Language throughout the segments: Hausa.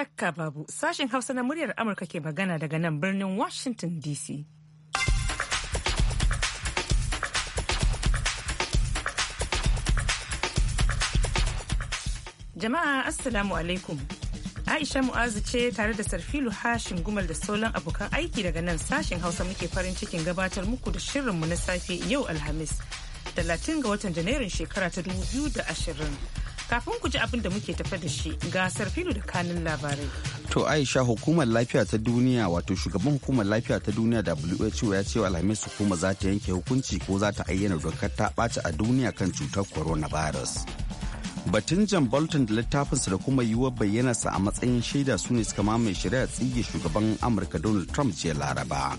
shakka babu sashen hausa na muryar amurka ke magana daga nan birnin washington dc jama'a assalamu alaikum aisha mu'azu ce tare da sarfilu hashin gumal da sauran abokan aiki daga nan sashen hausa muke farin cikin gabatar muku da shirinmu na safe yau alhamis 30 ga watan janairun shekara ta 2020 kafin ku ji abin da muke tafe da shi gasar filu da kanin labarai. To Aisha hukumar lafiya ta duniya wato shugaban hukumar lafiya ta duniya da WHO ya ce alhamis hukuma za ta yanke hukunci ko za ta ayyana dokar ta ɓaci a duniya kan cutar virus. Batun jan Bolton da littafinsa da kuma yiwuwar bayyanarsa a matsayin shaida su ne suka mamaye shari'a tsige shugaban Amurka Donald Trump jiya Laraba.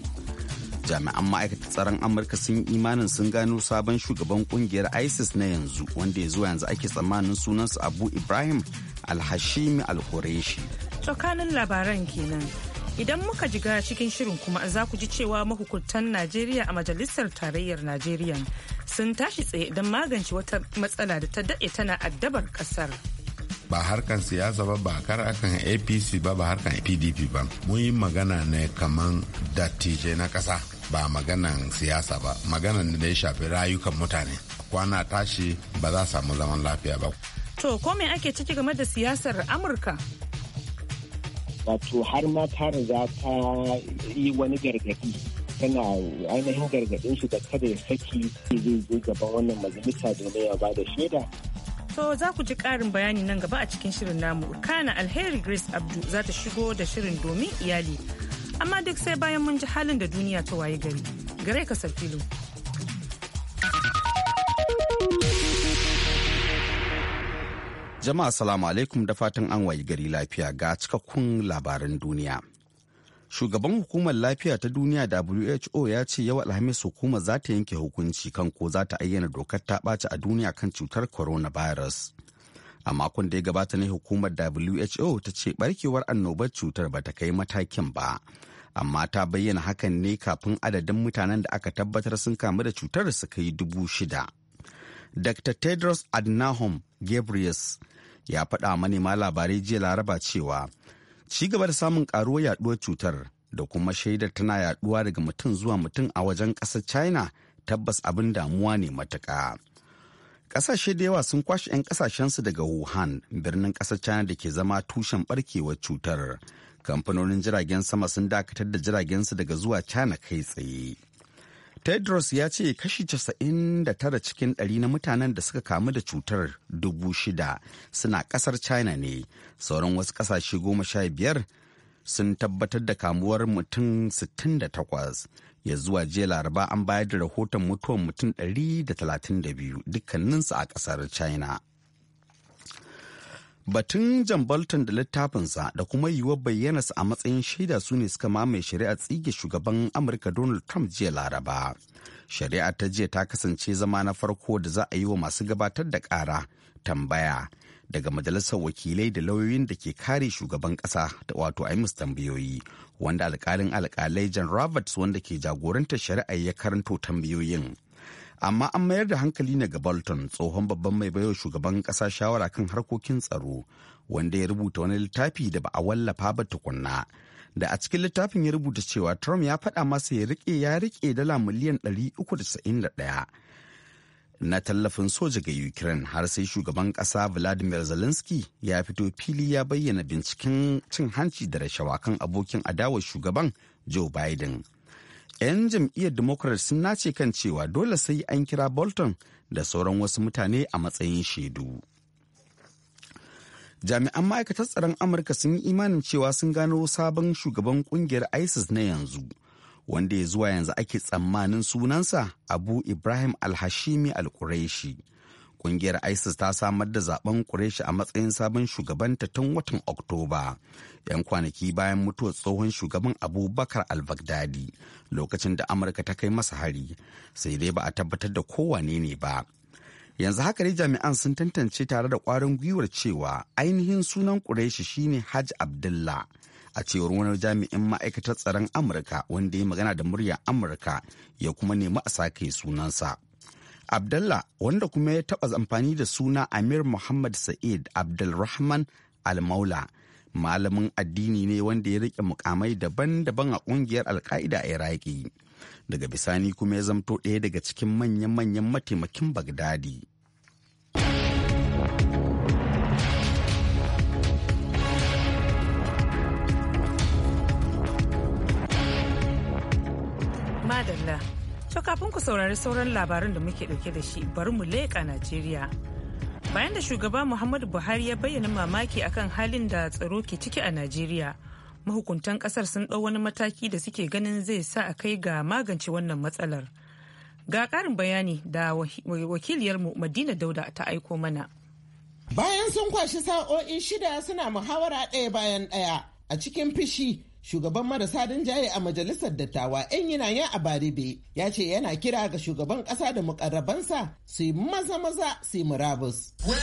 jami'an ma'aikatar tsaron amurka sun yi imanin sun gano sabon shugaban kungiyar isis na yanzu wanda ya zuwa yanzu ake tsammanin sunansa abu ibrahim alhashimi alhoreshi tsakanin labaran kenan idan muka jiga cikin shirin kuma za ku ji cewa mahukuntan najeriya a majalisar tarayyar najeriya sun tashi tsaye don magance wata matsala da ta daɗe tana addabar ƙasar ba harkan siyasa ba ba kar akan apc ba ba harkan pdp ba mun yi magana ne kaman dattijai na ƙasa ba maganan siyasa ba maganan da ya shafi rayukan mutane kwana tashi ba za samu zaman lafiya ba to ko me ake ciki game da siyasar amurka wato har ma ta riga ta yi wani gargadi tana ainihin gargadin shi da kada ya saki zai zo gaban wannan majalisa domin ya ba shaida To za ku ji karin bayani nan gaba a cikin shirin namu. Kana Alheri Grace Abdu za ta shigo da shirin domin iyali. amma duk sai bayan mun ji halin da duniya ta waye gari gare ka sarfilo jama'a salamu alaikum da fatan an waye gari lafiya ga cikakkun labaran duniya shugaban hukumar lafiya ta duniya who ya ce yau alhamis hukumar za ta yanke hukunci kan ko za ta ayyana dokar ta ɓaci a duniya kan cutar coronavirus a makon da ya gabata ne hukumar who ta ce barkewar annobar cutar ba ta kai matakin ba amma ta bayyana hakan ne kafin adadin mutanen da aka tabbatar sun kamu da cutar su kai dubu shida. Dr. Tedros Adnahom Gabriels ya faɗa manema labarai jiya laraba cewa ci gaba da samun ƙaruwar yaɗuwar cutar da kuma shaidar tana yaɗuwa daga mutum zuwa mutum a wajen ƙasar China tabbas abin damuwa ne matuƙa. Ƙasashe da yawa sun kwashe 'yan ƙasashensu daga Wuhan birnin ƙasar China da ke zama tushen ɓarkewar cutar. kamfanonin jiragen sama sun dakatar da jiragensu daga zuwa cana kai tsaye tedros ya ce kashi 99 cikin ɗari na mutanen da suka kamu da cutar 6,000 suna kasar china ne sauran wasu kasashe 15 sun tabbatar da kamuwar mutum 68 ya zuwa jiya laraba an bayar da rahoton mutuwan mutum 132 dukkaninsu a kasar china Batun Jan Bolton da littafinsa da kuma yiwuwar bayyanarsa a matsayin shaida su ne suka mamaye shari'a tsige shugaban Amurka Donald Trump jiya Laraba. Shari'a ta jiya ta kasance zama na farko da za a yi wa masu gabatar da ƙara tambaya daga majalisar wakilai da lauyoyin da ke kare shugaban ƙasa da wato Imus tambayoyi wanda alƙalin alƙalai jan Roberts wanda ke jagorantar shari'a ya karanto tambayoyin. amma an mayar da hankali ne ga bolton tsohon babban mai baiwa shugaban kasa shawara kan harkokin tsaro wanda ya rubuta wani littafi da ba a wallafa ba tukunna da a cikin littafin ya rubuta cewa trump ya faɗa masa ya rike ya rike dala miliyan 391 na tallafin soja ga ukraine har sai shugaban kasa vladimir zelensky ya fito fili ya bayyana binciken cin hanci da rashawa kan abokin adawar shugaban joe biden 'yan jam'iyyar democrat sun nace kan cewa dole sai an kira bolton da sauran wasu mutane a matsayin shaidu jami'an ma'aikatar tsaron amurka sun yi imanin cewa sun gano sabon shugaban kungiyar isis na yanzu wanda ya zuwa yanzu ake tsammanin sunansa abu ibrahim al-Hashimi al alkureshi Kungiyar ISIS ta samar da zaben Kureshi a matsayin sabon shugabanta tun watan Oktoba. 'Yan kwanaki bayan mutuwar tsohon shugaban Abubakar al-Baghdadi lokacin da Amurka ta kai masa hari, sai dai ba a tabbatar da kowane ne ba. yanzu haka ne jami'an sun tantance tare da kwarin gwiwar cewa ainihin sunan Kureshi shine Hajj Abdullah a cewar wani jami'in ma'aikatar tsaron Amurka wanda ya magana da muryar Amurka ya kuma nemi a sake sunansa. Abdullah wanda kuma ya taɓa amfani da suna Amir Muhammad Sa'id Abdulrahman Al-Maula. Malamin addini ne wanda ya riƙe mukamai daban-daban a ƙungiyar Alƙa'ida a Iraki. Daga bisani kuma ya zamto ɗaya daga cikin manyan-manyan mataimakin Bagdadi. Madalla. To kafin ku saurari sauran labarin da muke dauke da shi bari mu leƙa Najeriya. Bayan da shugaba Muhammadu Buhari ya bayyana mamaki akan halin da tsaro ke ciki a Najeriya, mahukuntan kasar sun ɗau wani mataki da suke ganin zai sa a kai ga magance wannan matsalar. Ga ƙarin bayani da wakiliyarmu Madina Dauda ta aiko mana. Bayan sun kwashi sa'o'i shida suna muhawara ɗaya bayan ɗaya a cikin fishi shugaban marasa rinjaye a majalisar dattawa yan a baribe ya ce yana kira ga shugaban kasa da mukarrabansa su yi maza maza su yi murabus when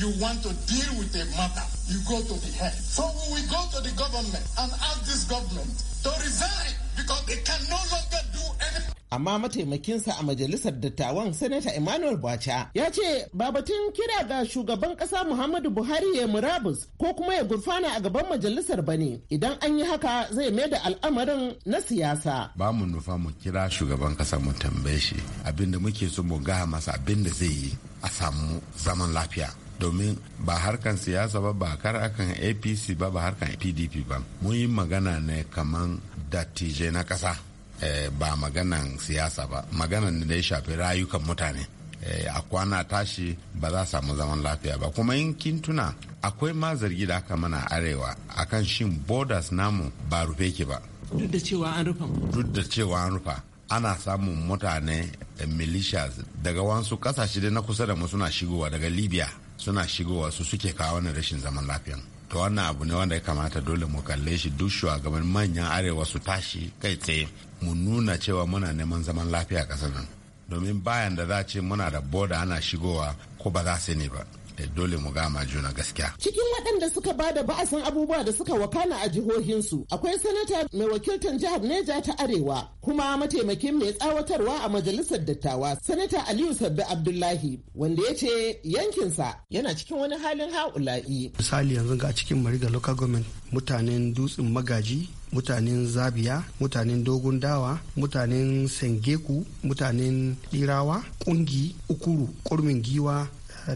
you want to deal with a matter you go to the head so we go to the government and ask this government to resign because they can no longer do anything amma mataimakinsa a majalisar dattawan sanata emmanuel bacha ya ce babatun kira ga shugaban kasa muhammadu buhari ya murabus ko kuma ya gurfana a gaban majalisar bane idan an yi haka zai mai da al'amarin na siyasa ba mu nufa mu kira shugaban kasa mu tambaye shi abinda muke so mu ga masa abinda zai yi a samu zaman lafiya domin ba harkan siyasa ba ba kar akan apc ba ba harkan pdp ba mun yi magana ne kaman dattijai na ƙasa Eh, ba maganan siyasa ba maganan da ya shafi rayukan mutane eh, a kwana tashi ba za samu zaman lafiya ba kuma in kin tuna akwai ma zargi da aka mana arewa akan shin borders namu ba rufe ki ba duk da cewa an rufa duk da cewa an rufa ana samun mutane eh, militias daga wasu kasashe da na kusa da mu suna shigowa daga libya suna shigowa su suke kawo wani rashin zaman lafiya to wannan abu ne wanda ya kamata dole mu kalle shi duk shugaban manyan arewa su tashi kai tsaye mu nuna cewa muna neman zaman lafiya a ƙasar nan domin bayan da za ce muna da boda ana shigowa ko ba za su ne ba Eh, dole mu gama juna gaskiya. Cikin waɗanda suka ba da ba'asin abubuwa da suka wakana a jihohinsu akwai sanata mai wakiltar jihar Neja ta Arewa kuma mataimakin mai tsawatarwa a majalisar dattawa sanata Aliyu Sabbi Abdullahi wanda ya ce yankinsa yana cikin wani halin ha'ula'i. Misali yanzu ga cikin Mariga local government mutanen dutsen magaji mutanen zabiya mutanen dogon dawa mutanen sengeku mutanen dirawa kungi ukuru kurmin giwa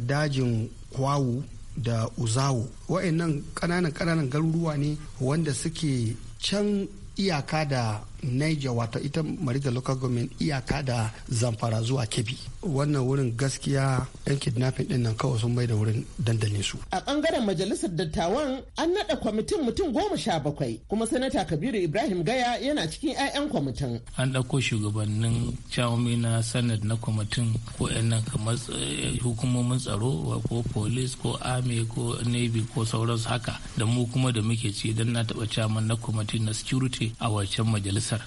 dajin kwawu da uzawu wa'annan ƙananan ƙananan garuruwa ne wanda suke can iyaka da niger wato ita mariga local government iyaka da zamfara zuwa kebbi wannan wurin gaskiya yan kidnapping din nan kawai sun mai da wurin dandalin su a bangaren majalisar dattawan an nada kwamitin mutum goma sha bakwai kuma sanata kabiru ibrahim gaya yana cikin 'ya'yan kwamitin an ɗauko shugabannin cawomi na sanad na kwamitin ko 'yan nan kamar eh, hukumomin tsaro ko police ko army ko navy ko sauransu haka da mu kuma da muke ci don na taba caman na kwamitin na security a wancan majalisar kasar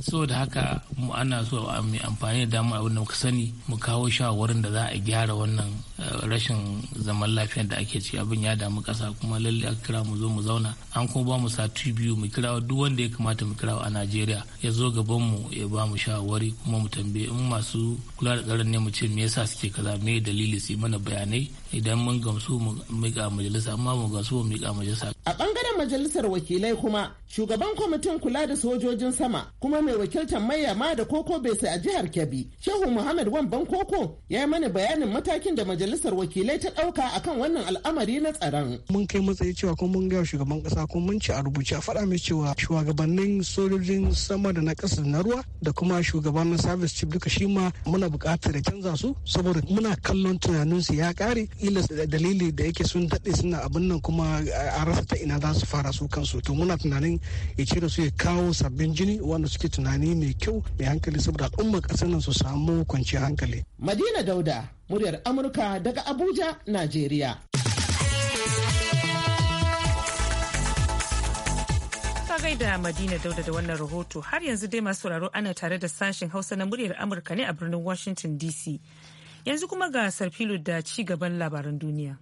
saboda haka mu ana so mai amfani da damar abin da muka sani mu kawo shawarin da za a gyara wannan eh, rashin zaman lafiyar da ake ci abin ya damu kasa kuma lalle aka kira mu zo mu zauna an kuma ba mu sati biyu mu kira duk wanda ya kamata mu kira a Najeriya ya zo gaban mu ya ba mu shawari kuma mu tambaye in masu kula da tsaron ne mu ce me yasa suke kaza me dalili su mana bayanai idan mun gamsu mu mika majalisa amma mu gamsu mu mika majalisa a bangaren majalisar wakilai kuma shugaban kwamitin kula da sojojin sama kuma mai wakiltar maya ma da koko bai bese a jihar kebbi shehu muhammad wamban koko ya yi mana bayanin matakin da majalisar wakilai ta ɗauka akan wannan al'amari na tsaron. mun kai matsayi cewa kuma mun gaya shugaban kasa kuma mun ci a rubuce a faɗa mai cewa shugabannin sojojin sama da na ƙasa na ruwa da kuma shugabannin service chief duka shi ma muna buƙatar da canza su saboda muna kallon tunaninsu ya ƙare ila dalili da yake sun daɗe suna abin nan kuma a rasa ta ina za su fara su kansu to muna tunanin ya cire su ya kawo sabbin jini tunani wanda suke tunani mai kyau mai hankali saboda al'ummar ƙasar nan su samu kwanciyar hankali. Madina Dauda, muryar Amurka daga Abuja, Najeriya. da Madina Dauda da wannan rahoto har yanzu dai masu sauraro ana tare da sashen Hausa na muryar Amurka ne a birnin Washington DC. Yanzu kuma ga Sarfilo da ci gaban labaran duniya.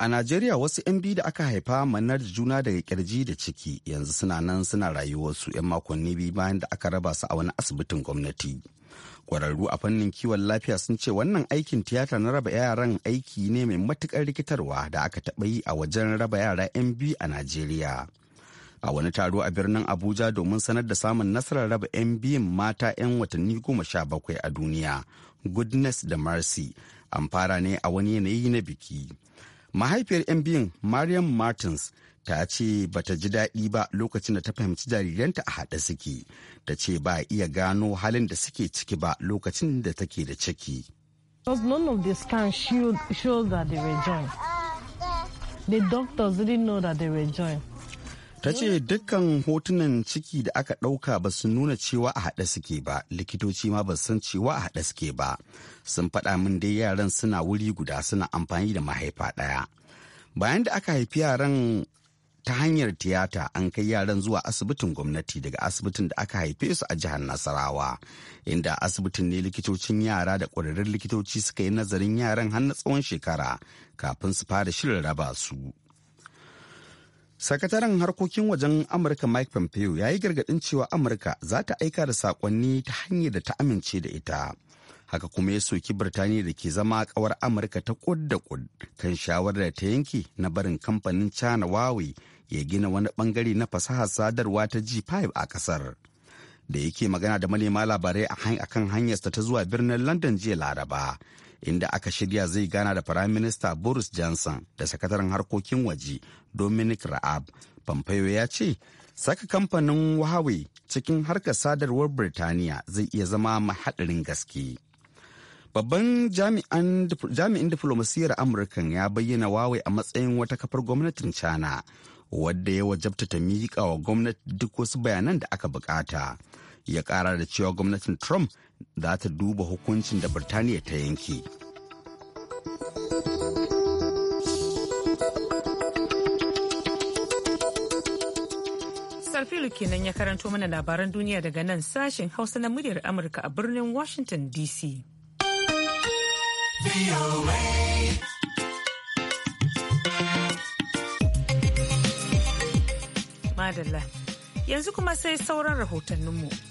A Najeriya wasu 'yan biyu da aka haifa manar juna daga kirji da ciki yanzu suna nan suna rayuwarsu 'yan makonni biyu bayan da aka raba su a wani asibitin gwamnati. Kwararru a fannin kiwon lafiya sun ce wannan aikin tiyata na raba yaran aiki ne mai matukar rikitarwa da aka taɓa yi a wajen raba yara 'yan biyu a Najeriya. A wani taro a birnin Abuja domin sanar da samun nasarar raba 'yan biyun mata 'yan watanni goma sha bakwai a duniya, Goodness da Mercy, an fara ne a wani yanayi na biki. mahaifiyar 'yan biyun mariam martins ta ce bata ji daɗi ba lokacin da ta fahimci jariranta a haɗe suke ta ce ba iya gano halin da suke ciki ba lokacin da take da ciki The doctors didn't know that they were joined. ta ce dukkan hotunan ciki da aka ɗauka ba su nuna cewa a haɗe suke ba likitoci ma ba san cewa a haɗe suke ba sun faɗa min dai yaran suna wuri guda suna amfani da mahaifa ɗaya bayan da aka haifi yaran ta hanyar tiyata an kai yaran zuwa asibitin gwamnati daga asibitin da aka haife su a jihar nasarawa inda asibitin ne likitocin yara da ƙwararrun likitoci suka yi nazarin yaran har na tsawon shekara kafin su fara shirin raba su sakataren harkokin wajen amurka mike pompeo ya yi gargadin cewa amurka za ta aika da sakonni ta hanyar da ta amince da ita haka kuma ya soki birtaniya da ke zama kawar amurka ta kud da kud kan shawarar da ta yanke na barin kamfanin china huawei ya gina wani bangare na fasahar sadarwa ta g5 a kasar da yake magana da manema labarai a kan hanyarsa ta zuwa birnin london jiya laraba inda aka shirya zai gana da Prime Minister Boris Johnson da sakataren harkokin waje Dominic Raab. Pompeo ya ce, saka kamfanin Huawei cikin harkar sadarwar Birtaniya zai iya zama mahadarin gaske. Babban jami'in diflomasiyyar Amurkan ya bayyana Huawei a matsayin wata kafar gwamnatin China, wadda ya wajabta ta miƙa wa gwamnati duk wasu bayanan da aka bukata. Ya ƙara da cewa gwamnatin Trump za ta duba hukuncin da birtaniya ta yanke. Sarfilu kenan ya karanto mana labaran duniya daga nan sashen Hausa na muryar Amurka a birnin Washington DC. Madalla. Yanzu kuma sai sauran rahotanninmu.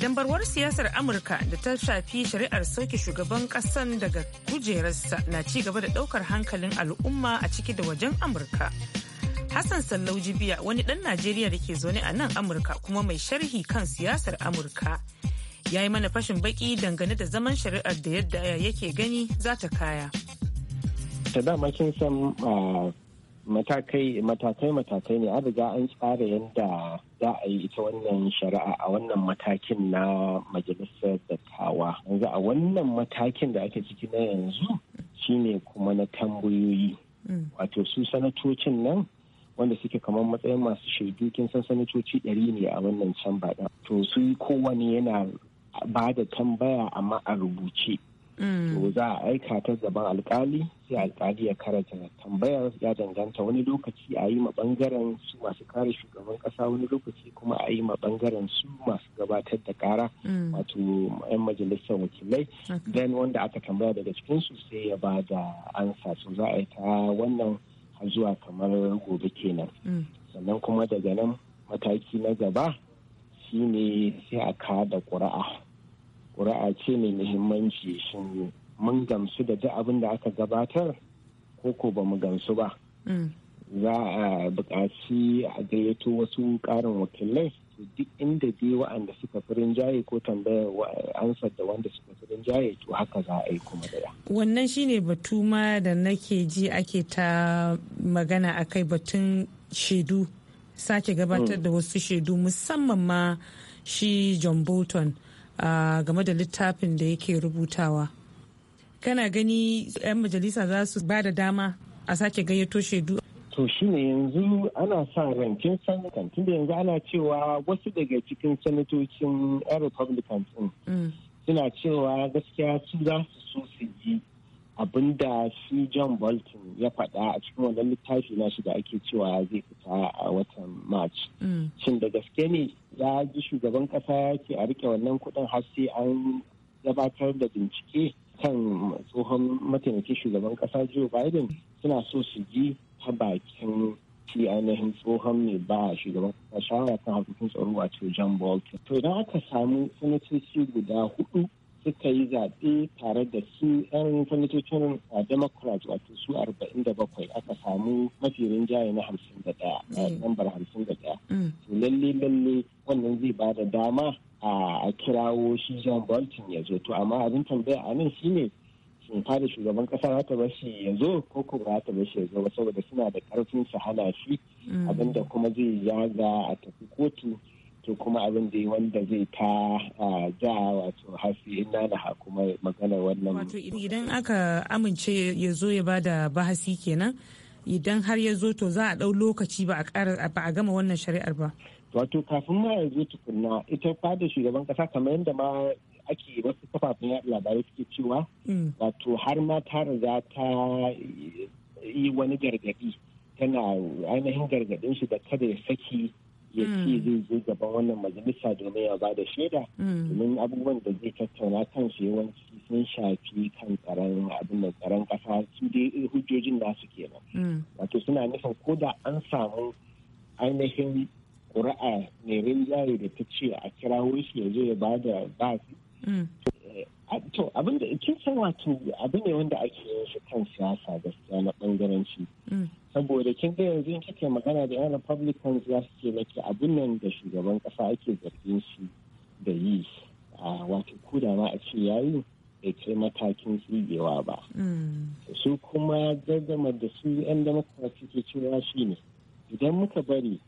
dambarwar siyasar amurka da ta shafi shari'ar sauke shugaban kasan daga kujerarsa na ci gaba da daukar hankalin al'umma a ciki da wajen amurka hassan sallau jibiya wani dan najeriya da ke zaune a nan amurka kuma mai sharhi kan siyasar amurka ya yi mana fashin baki dangane da zaman shari'ar da yadda yake gani za ta kaya matakai matakai ne an riga an tsara yadda za a yi ita wannan shari'a a wannan matakin na majalisar dattawa yanzu a wannan matakin da ake ciki na yanzu shine kuma na tambayoyi mm. wato su sanatocin nan wanda suke kamar matsayin masu shaidu kin san sanatoci ɗari ne a wannan can ba to su kowane yana ba da tambaya amma a rubuce to za a aika ta gaban alkali sai alkali ya karanta tambayar ya danganta wani lokaci a yi ma bangaren su masu kare shugaban kasa wani lokaci kuma a yi ma bangaren su masu gabatar da kara mm. wato yan majalisar wakilai dan wanda aka tambaya daga cikin su sai ya ba da ansa so za a yi ta wannan zuwa kamar gobe kenan mm. sannan kuma daga nan mataki na gaba shine sai a kada ƙuri'a ƙuri'a ce mai muhimmanci shin mun gamsu da duk abin da aka gabatar ko ko ba mu gamsu ba mm. za a buƙaci a gayyato wasu ƙarin wakilai duk inda dai wa'anda suka fi rinjaye ko tambayar ansar da wanda suka fi rinjaye to haka za a yi kuma daya. Wannan shine batu ma da nake ji ake ta magana a kai batun shaidu sake gabatar mm. da wasu shaidu musamman ma shi John Bolton game da littafin da yake rubutawa kana gani 'yan majalisa za su ba da dama a sake gayyato shaidu to shi ne yanzu ana sa rancen sanatan da yanzu ana cewa wasu daga cikin sanatocin 'yan republicans din mm. suna cewa gaskiya su za su so su yi. abin da shi john bolton ya faɗa a cikin wannan littafi nashi da ake cewa zai fita a watan march mm. shin da gaske ne ya ji shugaban ƙasa ya ce a rike wannan kuɗin har sai an gabatar da bincike kan tsohon mataimakin shugaban ƙasa joe biden suna so su ji ta bakin shi ainihin tsohon mai ba shugaban ƙasa shawara kan harkokin tsaro wato john bolton to idan aka samu sanatoci guda hudu suka yi zaɓe tare da su 'yan kwamitocin democrat wato su 47 aka samu mafi rinjaye na 51 lambar 51 to lalle lalle wannan zai ba da dama a kirawo shi john bolton ya zo to amma abin tambaya a nan shine sun fara shugaban kasa hata ba bashi ya zo ko kuma hata ba bashi ya zo saboda suna da karfin su hana shi mm. abinda kuma zai yaga a tafi kotu wato kuma abin da wanda zai ta ja wato hasi ina da kuma magana wannan wato idan aka amince ya zo ya bada bahasi kenan idan har ya zo to za a ɗau lokaci ba a gama wannan shari'ar ba wato kafin ma ya zo tukunna ita fada shugaban kasa kamar yadda ma ake wasu kafafen yaɗa labarai suke cewa mm. wato har ma ta riga ta yi wani gargaɗi tana ainihin gargaɗin shi da kada ya saki ya ce hmm. zai je gaban wannan majalisa domin ya ba da shaida hmm. domin abubuwan da zai tattauna kan shi yawanci sun shafi kan tsaron abin da tsaron kasa su dai hujjojin su ke nan hmm. wato suna nufin ko da an samu ainihin ƙuri'a mai rinjaye da ta ce a kira shi ya zo ya ba da ba to abin da kin san wato abu ne wanda ake yin shi kan siyasa gaskiya na bangaranci mm. saboda kin ga yanzu in kike magana da yan republicans za su ce maki abin nan da shugaban kasa ake zargin shi da yi wato ko da ma a ce yayi bai kai matakin tsigewa ba mm. su kuma gaggama da su yan democrat suke cewa shi ne idan muka bari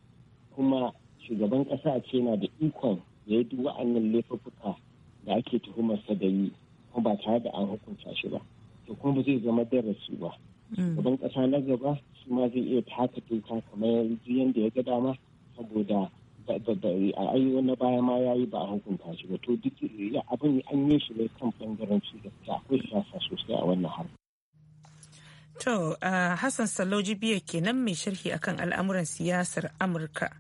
kuma shugaban kasa ce na da ikon ya yi duk wa'annan laifuffuka da ake tuhumarsa da yi kuma ba tare da an hukunta shi ba to kuma ba zai zama darasi ba mm. gaban ƙasa na gaba shi ma zai iya taka doka kamar yanzu yadda ya ga dama saboda a ayyuan na baya ma ya yi ba a hukunta shi ba to duk abin an yi shi ne kan bangaranci gaskiya akwai siyasa sosai a wannan harkar. To, uh, Hassan Saloji biya kenan mai sharhi akan al'amuran siyasar Amurka.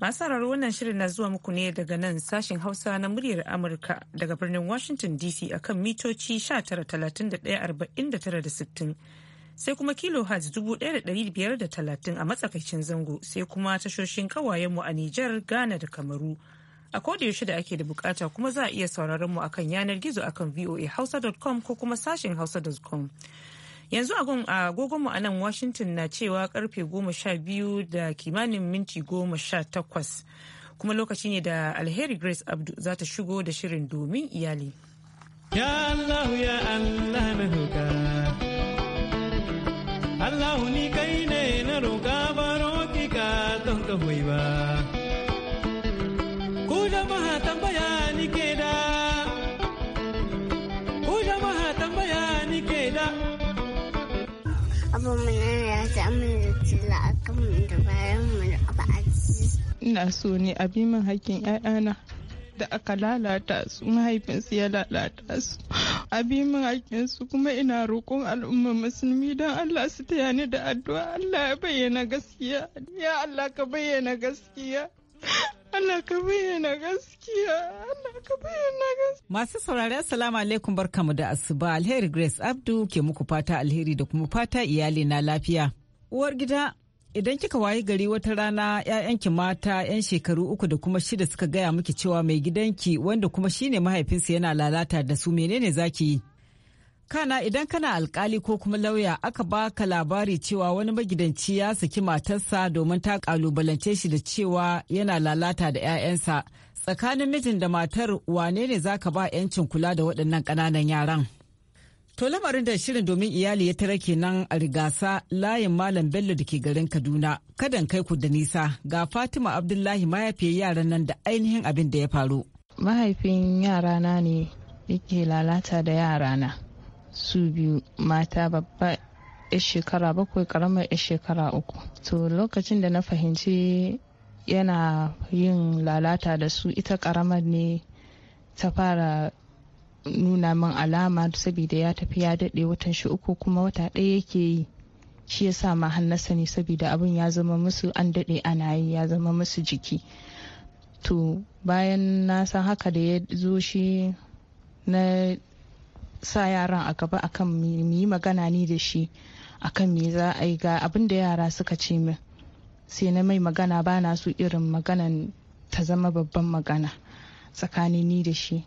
masarar wannan shirin na zuwa muku ne daga nan sashen Hausa na muryar Amurka daga birnin Washington DC akan mitoci 19,31,49,60 sai kuma kilohertz 1,530 a matsakaicin zango sai kuma tashoshin kawayenmu a Nijar, Ghana da Kamaru. A yaushe da ake da bukata kuma za a iya sauraron mu akan yanar gizo akan voa-hausa.com ko kuma sashen hausa.com. yanzu agogonmu a nan washington na cewa karfe goma sha biyu da kimanin minti goma sha takwas kuma lokaci ne da alheri grace abdu za ta shigo da shirin domin iyali ya allahu ya allah na roka allahu ni kai ne na roka baro ki ka don ka ba ina so ne a bi min hakkin 'ya'yana da aka lalata su mahaifinsu ya lalata su a bi min su kuma ina roƙon al'umma musulmi don Allah su taya ni da addu'a Allah ya bayyana gaskiya ya Allah ka bayyana gaskiya Allah ka bayyana gaskiya Allah ka bayyana gaskiya Masu saurari assalamu alaikum barkamu da asuba alheri Grace Abdu ke muku fata alheri da kuma fata iyali na lafiya Uwar gida idan kika waye gari wata rana 'ya'yanki mata 'yan shekaru uku da kuma shida suka gaya miki cewa mai gidanki wanda kuma shine mahaifinsa yana lalata da su menene zaki yi kana idan kana alkali ko kuma lauya aka baka labari cewa wani magidanci ya saki matarsa domin ta kalubalance shi da cewa yana lalata da 'ya'yansa tsakanin mijin da matar wane ne ka ba 'yancin kula da waɗannan ƙananan yaran To lamarin da shirin domin iyali ya tara kenan a rigasa layin Malam Bello da ke garin Kaduna. Kadan kai ku da nisa ga Fatima Abdullahi mahaifiyar yaran nan da ainihin abin da ya faru. Mahaifin yarana ne yake lalata da yarana. Su biyu mata babba yar shekara bakwai karamar yar shekara uku. To lokacin da na fahimci yana yin lalata da su ita karamar ne ta fara nuna min alama saboda ya tafi ya daɗe watan shi uku kuma wata ɗaya yake yi shi ya sa ma hannasa ne saboda abin ya zama musu an daɗe ana yi ya zama musu jiki to bayan na san haka da ya zo shi na sa yaran a gaba akan mu yi magana ni da shi akan me za a yi ga abin da yara suka ce min sai na mai magana ba na su irin maganan ta zama babban magana tsakanin ni da shi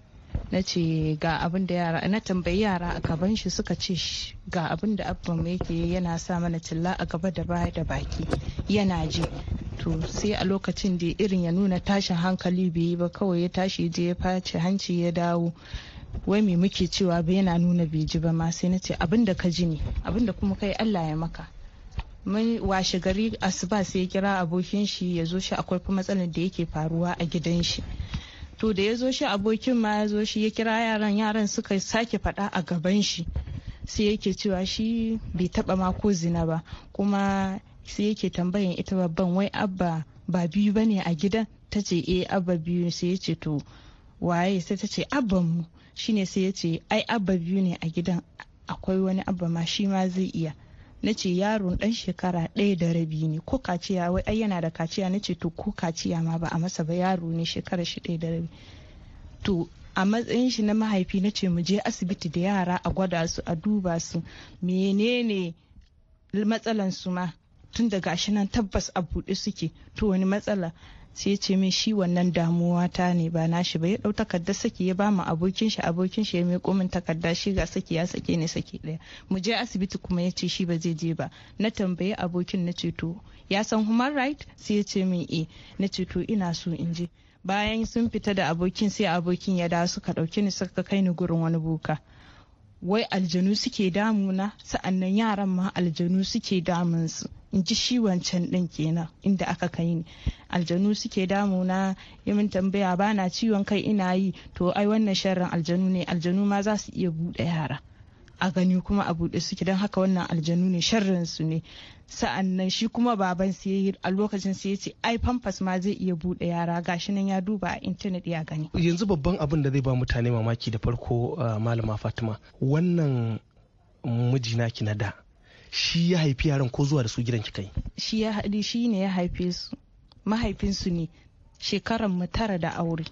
na ce ga abin da yara na tambayi yara a gaban shi suka ce ga abin da abban yake yana sa mana tilla a gaba da baya da baki yana ji to sai a lokacin da irin ya nuna tashin hankali bai yi ba kawai ya tashi je ya face hanci ya dawo wai me muke cewa ba yana nuna bai ji ba ma sai na ce abin da ka ji ne abin da kuma kai Allah ya maka mun washe gari asuba sai ya kira abokin shi ya zo shi akwai kuma matsalar da yake faruwa a gidan shi to da ya zo shi abokin ma ya zo shi ya kira yaran yaran suka sake faɗa a gaban shi sai yake cewa shi bai taba ma ko zina ba kuma sai yake tambayan ita babban wai abba ba biyu ba ne a gidan ta ce eh abba biyu sai ya ce to waye sai ta ce abba mu shine sai ya ce ai abba biyu ne a gidan akwai wani abba ma shi ma zai iya na ce yaron dan shekara ɗaya da rabi ne ko kaciya wai ai yana da kaciya na ce to ko kaciya ma ba a masa ba yaro ne shekara shi ɗaya da rabi to a matsayin shi na mahaifi na ce mu je asibiti da yara a gwada su a duba su menene matsalan su ma tun daga gashi nan tabbas a buɗe suke to wani matsala sai ya ce min shi wannan damuwata ne ba nashi ba ya dau takarda saki ya ba mu abokin shi abokin shi ya miƙo min takarda shi ga saki ya sake ne saki ɗaya mu je asibiti kuma ya ce shi ba zai je ba na tambayi abokin na ce to ya san human right sai ya ce min e na ce to ina so in je bayan sun fita da abokin sai abokin ya dawo suka ɗauki ni suka kai ni gurin wani boka wai aljanu suke damuna sa'annan yaran ma aljanu suke damunsu in ji shi can din kenan inda aka kai ni aljanu suke damuna ya min tambaya ba na ciwon kai ina yi to ai wannan sharrin aljanu ne aljanu ma za su iya buɗe yara a gani kuma a buɗe suke don haka wannan aljanu ne sharrin su ne sa'annan shi kuma baban su yayi a lokacin su yace ai pampas ma zai iya buɗe yara gashi nan ya duba a intanet ya gani yanzu babban abin da zai ba mutane mamaki da farko ah, malama fatima wannan mijina ki na da shi ya haifi yaran ko zuwa da su gidan kika yi shi ya haɗi shi ne ya haife su mahaifinsu ne shekaran mu tara da aure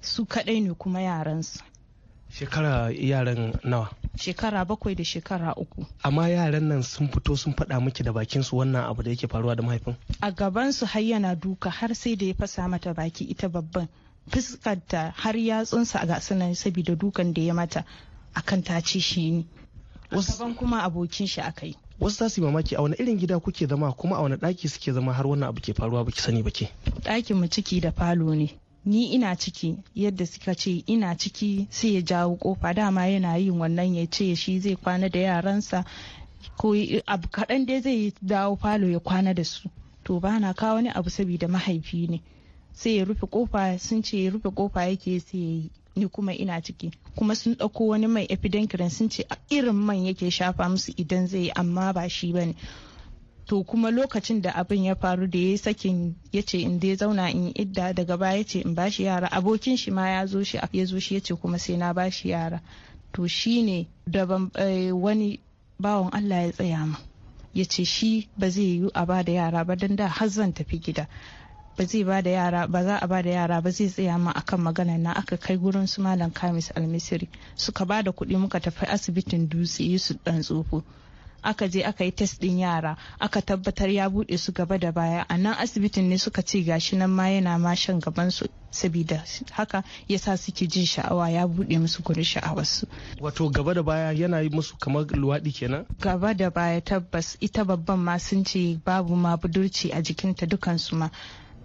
su kaɗai ne kuma su shekara yaran nawa shekara bakwai da shekara uku amma yaran nan sun fito sun faɗa miki da bakin su wannan abu da yake faruwa da mahaifin a gaban su har yana duka har sai da ya fasa mata baki ita babban fuskarta har yatsunsa a gasunan saboda dukan da ya mata akan ta ce shi ne gaban kuma abokin shi a kai. wasu za su yi mamaki a wani irin gida kuke zama kuma a wani ɗaki suke zama har wannan abu ke faruwa baki sani ba ke ɗakin mu ciki da falo ne ni ina ciki yadda suka ce ina ciki sai ya jawo kofa dama yana yin wannan ya ce shi zai kwana da yaransa ko abu kaɗan dai zai dawo falo ya kwana da su to ba na kawo wani abu saboda mahaifi ne sai ya rufe kofa sun ce ya rufe kofa yake sai ya yi ni kuma ina ciki kuma sun ɗauko wani mai epidenkirin sun ce irin man yake shafa musu idan zai yi amma ba shi ba ne to kuma lokacin da abin ya faru da ya yi sakin ya ce in dai zauna in idda daga baya ya ce in ba shi yara abokin shi ma ya zo shi ya zo shi ya ce kuma sai na ba shi yara to shi ne da eh, wani bawan Allah ya tsaya ma ya ce shi ba zai yiwu a ba da yara ba don da har zan tafi gida ba zai ba da yara ba za a ba da yara ba zai tsaya ma akan magana na aka kai gurin su malam kamis almisiri suka ba da kuɗi muka tafi asibitin dutse yusuf dan tsofo aka je aka yi test din yara aka tabbatar ya buɗe su gaba da baya a nan asibitin ne suka ce gashi nan ma yana ma shan gaban su sabida haka yasa suke jin sha'awa ya buɗe musu gurin sha'awarsu. wato gaba da baya yana yi musu kamar luwaɗi kenan gaba da baya tabbas ita babban ma sun ce babu ma budurci a jikinta dukansu ma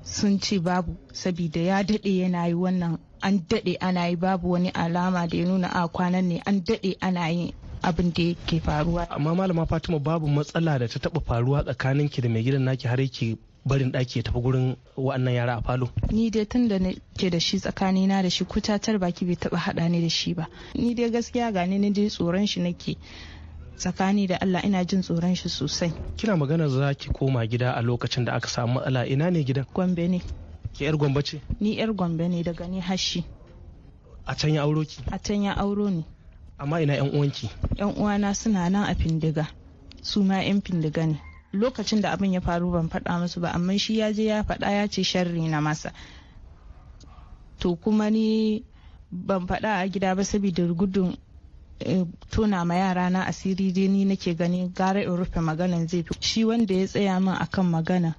sun ce babu sabida ya daɗe yana yi wannan an daɗe ana yi babu wani alama da ya nuna a kwanan ne an daɗe ana yi abin da yake faruwa amma malama fatima babu matsala da ta taɓa faruwa tsakanin ki da mai gidan naki har yake barin ɗaki ya tafi gurin wa'annan yara a falo ni dai tun da ke da shi tsakani na da shi kutatar baki bai taɓa haɗa ni da shi ba ni dai gaskiya gane ni dai tsoron shi nake tsakani da Allah ina jin tsoron shi sosai. Kina magana za ki koma gida a lokacin da aka samu matsala ina ne gidan? Gombe ne. Ke yar Gombe ce? Ni yar Gombe ne daga ni hashi. A can ya auro ki? A can ya auro ni. Amma ina yan uwanki? Yan uwana suna nan a Findiga. Su ma yan Findiga ne. Lokacin da abin ya faru ban faɗa musu ba amma shi ya je ya faɗa ya ce sharri na masa. To kuma ni ban faɗa a gida ba saboda gudun Eh, tona ma yara na asiri dai ni nake gani gara in rufe maganan zai fi shi wanda ya tsaya min akan magana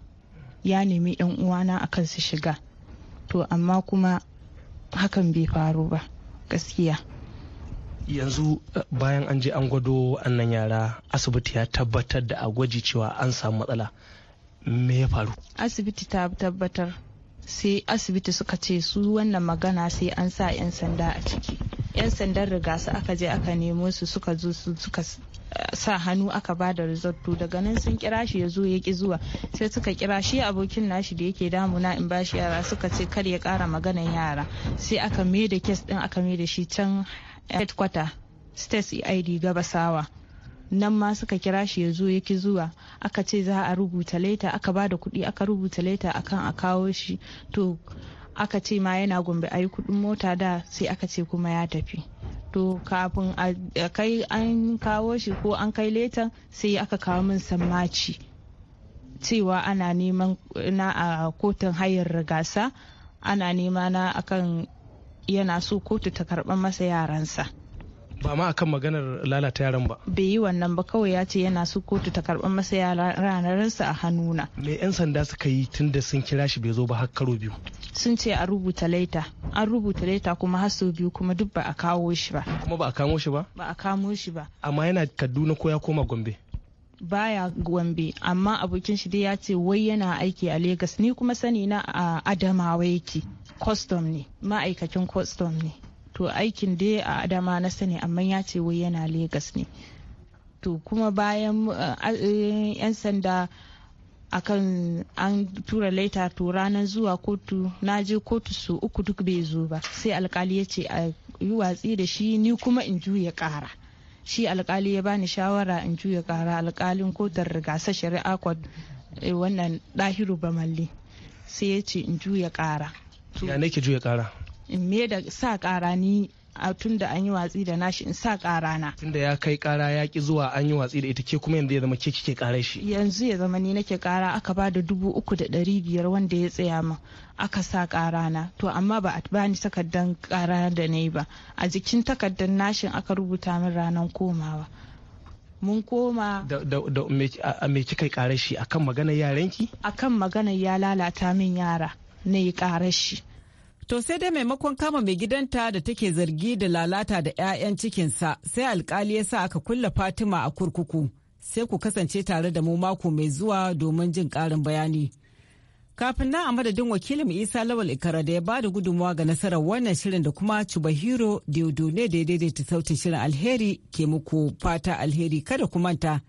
ya nemi yan uwana akan su shiga to amma kuma hakan bai faru ba gaskiya yanzu eh, bayan an je an gwado annan yara asibiti ya tabbatar da a gwaji cewa an samu matsala me ya faru asibiti ta tabbatar sai asibiti suka ce su wannan magana sai an sa 'yan sanda a ciki yan sandan su aka je aka nemo su suka zo su suka sa hannu aka ba da result daga nan sun kira shi ya zo ya ki zuwa sai suka kira shi abokin nashi da yake damuna in bashi yara suka ce kar ya kara maganan yara sai aka me da kes din aka me da shi can headquarter state eid gabasawa nan ma suka kira shi ya zo ya ki zuwa aka ce za a rubuta leta aka ba da kuɗi aka rubuta leta akan a kawo shi to aka ce ma yana gombe a yi kudin mota da sai aka ce kuma ya tafi to kafin a kai an kawo shi ko an kai letan sai aka kawo min sammaci cewa ana neman na a kotun hayar rigasa ana nema na akan yana so kotu ta karɓar masa yaransa. ba ma akan maganar lalata yaran ba bai yi wannan ba kawai ya ce yana su kotu ta karɓar masa ranarinsa a hannuna me yan sanda suka yi tun da sun kira shi bai zo ba har karo biyu sun ce a rubuta laita an rubuta laita kuma har sau biyu kuma duk ba a kawo shi ba kuma ba a kamo shi ba ba a kamo shi ba amma yana kaduna ko ya koma gombe baya gombe amma abokin shi dai ya ce wai yana aiki a Legas ni kuma sani na a Adamawa yake custom ne ma'aikacin custom ne to aikin dai a adama na sani amma ya ce wai yana Legas ne to kuma bayan eh, eh, 'yan sanda akan an tura laita to ranar zuwa kotu na je kotu su uku duk bai zo ba sai alkali ya ce a yi watsi da shi ni kuma in juya kara shi alkali ya bani shawara in juya kara alkalin kotar rigasa shari'a eh, wannan dahiru bamalli sai ya ce in juya kara ya nake juya kara in me da sa ƙara ni a tun da an yi watsi da nashi in sa ƙara na. Tun da ya kai ƙara ya ki zuwa an yi watsi da ita ke kuma yanzu ya zama ke kike ƙara shi. Yanzu ya zama ni nake ƙara aka ba da dubu uku da ɗari biyar wanda ya tsaya min aka sa ƙara na to amma ba a ni takardar ƙara da na yi ba a jikin takardar nashin aka rubuta min ranar komawa. mun koma da, me kika ƙara shi akan maganar yaranki? akan maganar ya lalata min yara na yi ƙara shi To sai dai maimakon kama mai gidanta da take zargi da lalata da 'ya'yan cikinsa sai alkali ya sa aka kulla Fatima a kurkuku. Sai ku kasance tare da mu mako mai zuwa domin jin ƙarin bayani. Kafin nan a madadin wakilin Isa Lawal Ikara da ya ba da gudunmawa ga nasarar wannan shirin da kuma Chubahiro Deodone da ya daidaita sautin shirin alheri ke muku fata alheri kada ku manta.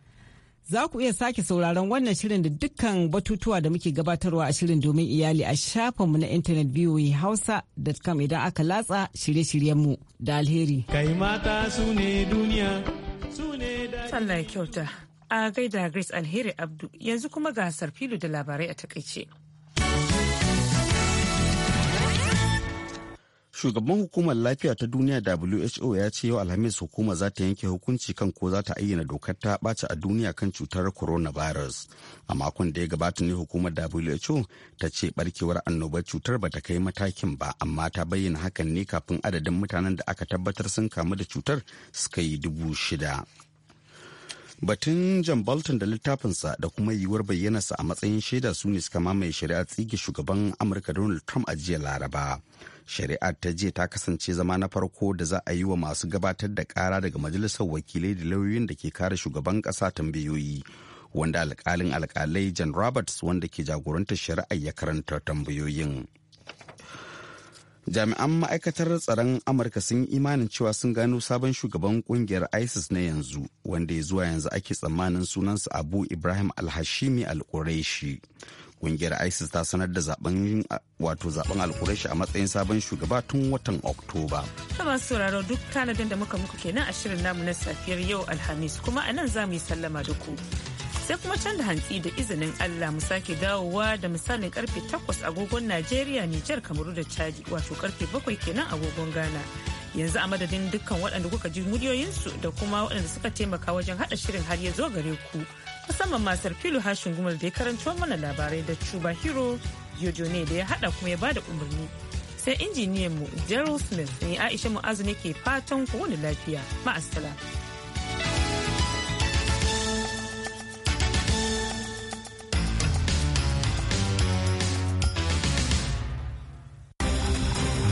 Za ku iya sake sauraron wannan shirin da dukkan batutuwa da muke gabatarwa a shirin domin iyali a shafinmu na intanet hausa da hausa.com idan aka latsa shirye-shiryenmu da alheri. Kai mata su ne duniya, su ne da... Allah ya kyauta. A gaida Grace Alheri Abdu yanzu kuma ga Sarfilu da labarai a takaice. shugaban hukumar lafiya ta duniya who ya ce yau alhamis hukuma za ta yanke hukunci kan ko za ta ayyana dokar ta ɓaci a duniya kan cutar coronavirus a makon da ya gabata ne hukumar who ta ce barkewar annobar cutar ba ta kai matakin ba amma ta bayyana hakan ne kafin adadin mutanen da aka tabbatar sun kamu da cutar suka yi dubu shida batun john bolton da littafinsa da kuma yiwuwar sa a matsayin shaida su ne suka mamaye shari'a tsige shugaban amurka donald trump a jiya laraba shari'ar ta jiya ta kasance zama na farko da za a yi wa masu gabatar da kara daga majalisar wakilai da lauyoyin da ke kare shugaban kasa tambayoyi wanda alkalin alkalai john roberts wanda ke jagorantar shari'ar ya karanta tambayoyin jami'an ma'aikatar tsaron amurka sun imanin cewa sun gano sabon shugaban kungiyar isis na yanzu wanda ya zuwa yanzu ake tsammanin sunansa abu ibrahim alhashimi al Kungiyar ISIS ta sanar da zaben wato zaben alkurashi a matsayin sabon shugaba tun watan Oktoba. kama sauraro duk tanadin da muka muku kenan a shirin namu na safiyar yau Alhamis kuma a nan za mu yi sallama da ku. Sai kuma canza hantsi da izinin Allah mu sake dawowa da misalin karfe 8 agogon Najeriya, Nijar, Kamaru da Chadi wato karfe 7 kenan agogon Ghana. yanzu a madadin dukkan waɗanda kuka ji muryoyinsu da kuma waɗanda suka taimaka wajen haɗa shirin har ya zo gare ku musamman masar filo hashin gumar da ya karanto mana labarai da cuba hero yojo ne da ya haɗa kuma ya bada umarni sai injiniyan mu daryl smith ne aisha mu'azu ne ke fatan ku wani lafiya ma'asala.